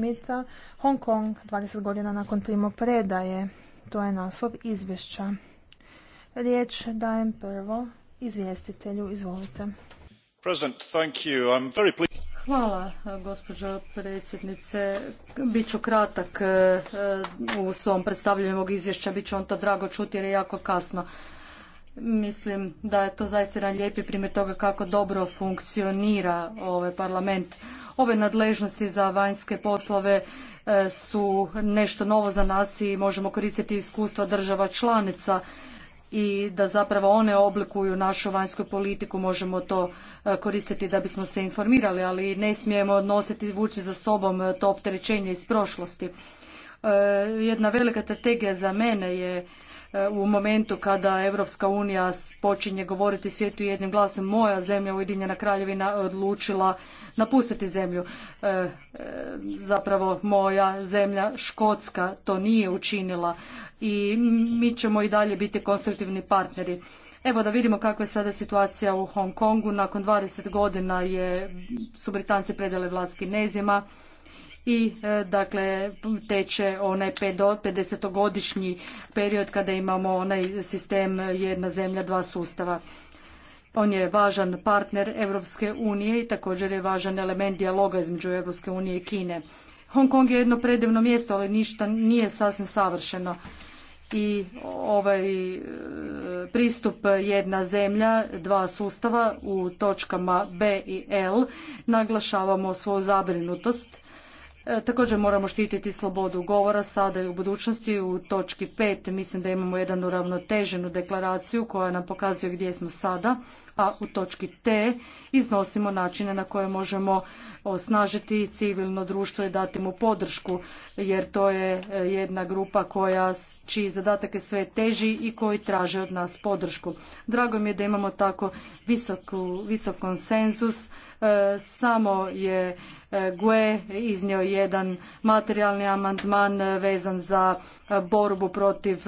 Smitha, Hong Kong 20 godina nakon primopredaje. To je naslov izvješća. Riječ dajem prvo izvjestitelju. Izvolite. Hvala, gospođo predsjednice. Biću kratak e, u svom predstavljanju ovog izvješća. Biće on to drago čuti jer je jako kasno. Mislim da je to zaista jedan lijepi primjer toga kako dobro funkcionira ovaj parlament. Ove nadležnosti za vanjske poslove e, su nešto novo za nas i možemo koristiti iskustva država članica i da zapravo one oblikuju našu vanjsku politiku, možemo to e, koristiti da bismo se informirali, ali ne smijemo nositi vući za sobom e, to opterećenje iz prošlosti. Eh, jedna velika strategija za mene je eh, u momentu kada Europska unija počinje govoriti svijetu jednim glasom, moja zemlja Ujedinjena kraljevina odlučila napustiti zemlju. Eh, zapravo moja zemlja Škotska to nije učinila i mi ćemo i dalje biti konstruktivni partneri. Evo da vidimo kakva je sada situacija u Hong Kongu. Nakon 20 godina je, su Britanci predali vlast Kinezima i e, dakle teče onaj 50-godišnji period kada imamo onaj sistem jedna zemlja, dva sustava. On je važan partner Europske unije i također je važan element dijaloga između Europske unije i Kine. Hong Kong je jedno predivno mjesto, ali ništa nije sasvim savršeno i ovaj e, pristup jedna zemlja, dva sustava u točkama B i L naglašavamo svoju zabrinutost E, također moramo štititi slobodu govora sada i u budućnosti. U točki 5 mislim da imamo jednu uravnoteženu deklaraciju koja nam pokazuje gdje smo sada a pa u točki T iznosimo načine na koje možemo osnažiti civilno društvo i dati mu podršku jer to je e, jedna grupa koja čiji zadatak je sve teži i koji traže od nas podršku. Drago mi je da imamo tako visoku, visok konsenzus. E, samo je e, GUE iznio jedan materijalni amandman vezan za borbu protiv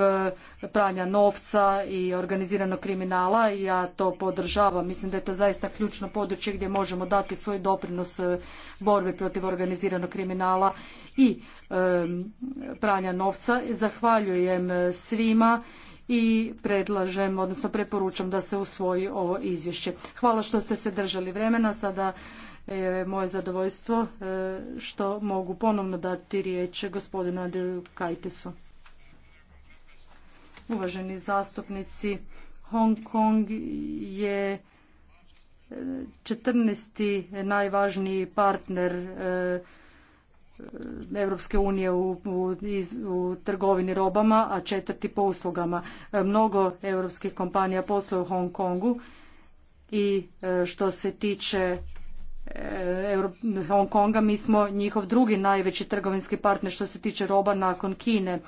pranja novca i organiziranog kriminala. i Ja to podržavam podržava. Mislim da je to zaista ključno područje gdje možemo dati svoj doprinos e, borbi protiv organiziranog kriminala i e, pranja novca. Zahvaljujem e, svima i predlažem, odnosno preporučam da se usvoji ovo izvješće. Hvala što ste se držali vremena. Sada je moje zadovoljstvo što mogu ponovno dati riječ gospodinu Andriju Kajtisu. Uvaženi zastupnici, Hong Kong je 14. E, najvažniji partner Europske e, unije u, u, u trgovini robama, a četvrti po uslugama. E, mnogo europskih kompanija posluje u Hong Kongu i što se tiče Hong Konga, mi smo njihov drugi najveći trgovinski partner što se tiče roba nakon Kine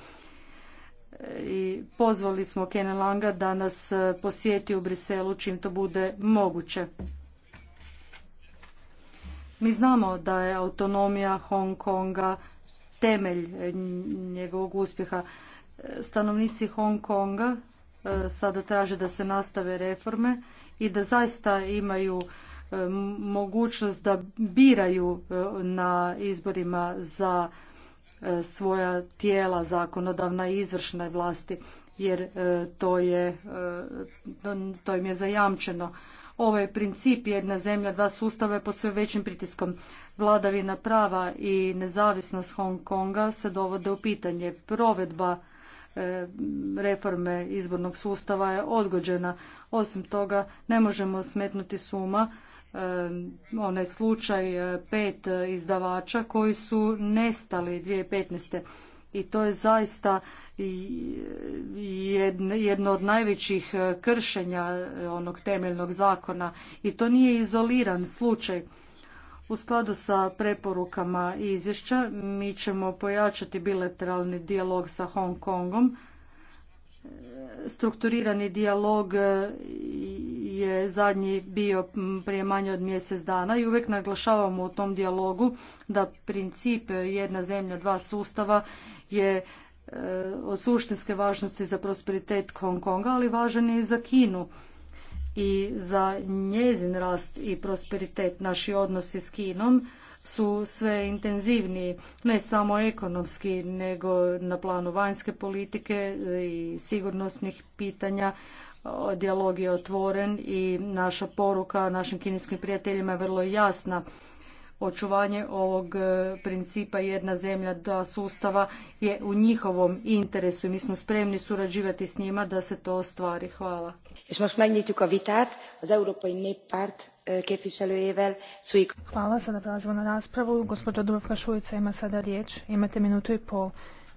i pozvali smo Kena Langa da nas e, posjeti u Briselu čim to bude moguće. Mi znamo da je autonomija Hong Konga temelj e, njegovog uspjeha. E, stanovnici Hong Konga sada traže da se nastave reforme i da zaista imaju mogućnost da biraju na izborima za E, svoja tijela zakonodavna i izvršne vlasti jer e, to, je, e, to im je zajamčeno. Ovo je princip jedna zemlja, dva sustava je pod sve većim pritiskom. Vladavina prava i nezavisnost Hong Konga se dovode u pitanje. Provedba reforme izbornog sustava je odgođena. Osim toga, ne možemo smetnuti suma onaj slučaj e, pet izdavača koji su nestali 2015. I to je zaista jedno od najvećih e, kršenja e, onog temeljnog zakona. I to nije izoliran slučaj. U skladu sa preporukama izvješća mi ćemo pojačati bilateralni dijalog sa Hong Kongom. Strukturirani dijalog je zadnji bio prije manje od mjesec dana i uvijek naglašavamo u tom dijalogu da princip jedna zemlja, dva sustava je e, od suštinske važnosti za prosperitet Hong Konga, ali važan je i za Kinu i za njezin rast i prosperitet. Naši odnosi s Kinom su sve intenzivniji, ne samo ekonomski, nego na planu vanjske politike i sigurnosnih pitanja, dijalog je otvoren i naša poruka našim kineskim prijateljima je vrlo jasna. Očuvanje ovog e, principa jedna zemlja, dva sustava je u njihovom interesu i mi smo spremni surađivati s njima da se to ostvari. Hvala. E, Hvala, sada prelazimo na raspravu. Gospođa Dubravka Šuica ima sada riječ. Imate minutu i pol.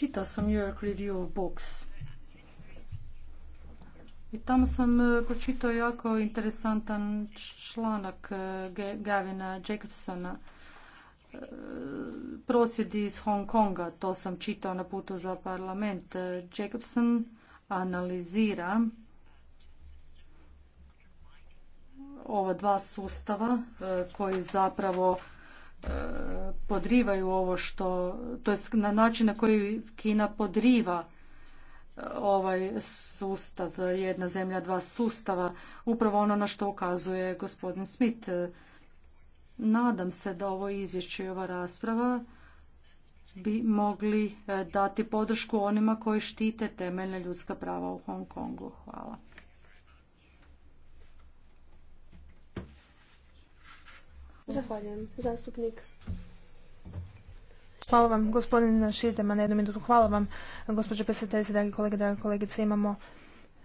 Čitao sam York Review of Books. I tamo sam e, pročitao jako interesantan članak e, Gavina Jacobsona. E, prosvjedi iz Hong Konga, to sam čitao na putu za parlament. Jacobson analizira ova dva sustava koji zapravo podrivaju ovo što, to jest na način na koji Kina podriva e, ovaj sustav, jedna zemlja, dva sustava, upravo ono na što ukazuje gospodin Smith. Nadam se da ovo izvješće i ova rasprava bi mogli e, dati podršku onima koji štite temeljne ljudska prava u Hong Kongu. Hvala. Zahvaljujem. Zastupnik. Hvala vam, gospodin Širdema, na jednu minutu. Hvala vam, gospođo predsjedateljice, dragi kolege, dragi kolegice. Imamo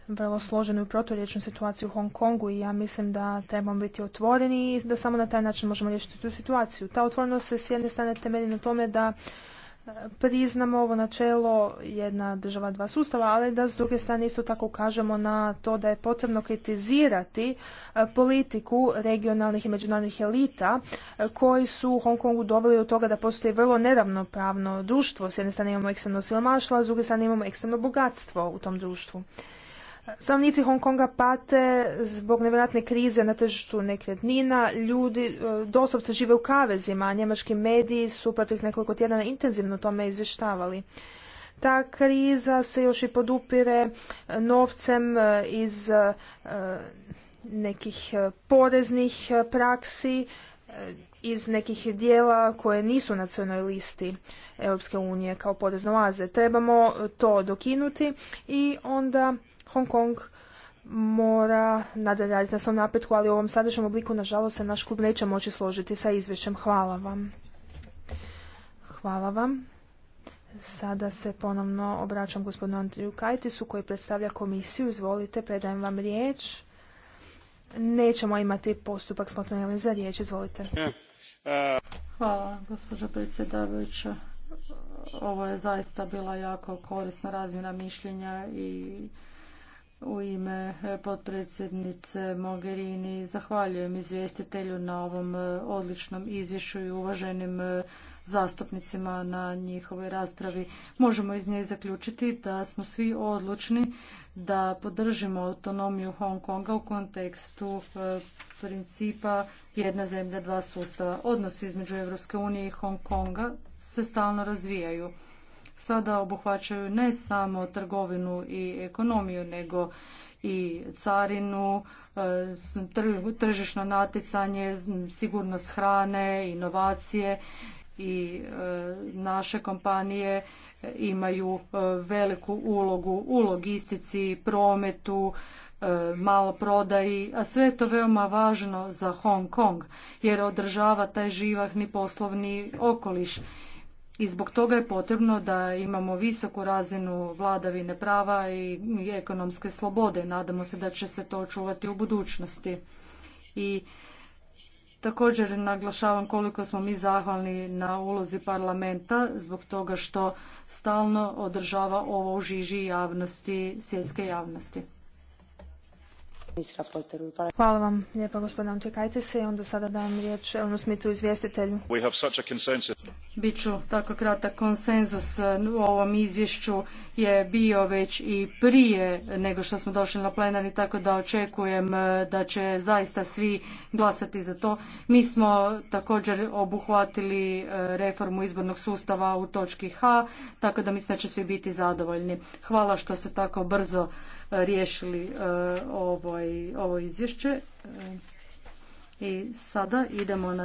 vrlo složenu i proturječnu situaciju u Hong Kongu i ja mislim da trebamo biti otvoreni i da samo na taj način možemo riješiti tu situaciju. Ta otvorenost se s jedne strane temelji na tome da priznamo ovo načelo jedna država dva sustava, ali da s druge strane isto tako kažemo na to da je potrebno kritizirati e, politiku regionalnih i međunarodnih elita e, koji su Hong Kongu doveli do toga da postoji vrlo neravnopravno društvo. S jedne strane imamo ekstremno silomašlo, a s druge strane imamo ekstremno bogatstvo u tom društvu. Stavnici Hong Konga pate zbog nevjerojatne krize na tržištu nekretnina, ljudi e, doslovce žive u kavezima, a njemački mediji su protiv nekoliko tjedana intenzivno tome izvještavali. Ta kriza se još i podupire novcem e, iz e, nekih poreznih praksi, iz nekih dijela koje nisu na listi Europske unije kao porezno oaze. Trebamo to dokinuti i onda Hong Kong mora nadaljati raditi na svom napretku, ali u ovom sadašnjem obliku, nažalost, se naš klub neće moći složiti sa izvješćem. Hvala vam. Hvala vam. Sada se ponovno obraćam gospodinu Andriju Kajtisu koji predstavlja komisiju. Izvolite, predajem vam riječ. Nećemo imati postupak spontanelni za riječ. Izvolite. Hvala, gospođo predsjedavajuća. Ovo je zaista bila jako korisna razmjena mišljenja i u ime e, potpredsjednice Mogherini zahvaljujem izvjestitelju na ovom e, odličnom izvješću i uvaženim e, zastupnicima na njihovoj raspravi. Možemo iz nje zaključiti da smo svi odlučni da podržimo autonomiju Hong Konga u kontekstu principa jedna zemlja, dva sustava. Odnosi između Europske unije i Hong Konga se stalno razvijaju sada obuhvaćaju ne samo trgovinu i ekonomiju, nego i carinu, e, tržišno natjecanje, sigurnost hrane, inovacije i e, naše kompanije imaju e, veliku ulogu u logistici, prometu, prodaji a sve je to veoma važno za Hong Kong jer održava taj živahni poslovni okoliš i zbog toga je potrebno da imamo visoku razinu vladavine prava i ekonomske slobode. Nadamo se da će se to očuvati u budućnosti. I također naglašavam koliko smo mi zahvalni na ulozi parlamenta zbog toga što stalno održava ovo u žiži javnosti, svjetske javnosti. Hvala vam lijepa gospodine se onda sada dajem riječ Elnu Smitu izvjestitelju. Biću tako kratak konsenzus u ovom izvješću je bio već i prije nego što smo došli na plenarni, tako da očekujem e, da će zaista svi glasati za to. Mi smo također obuhvatili e, reformu izbornog sustava u točki H, tako da mislim da će svi biti zadovoljni. Hvala što se tako brzo riješili e, ovo, izvješće. E, I sada idemo na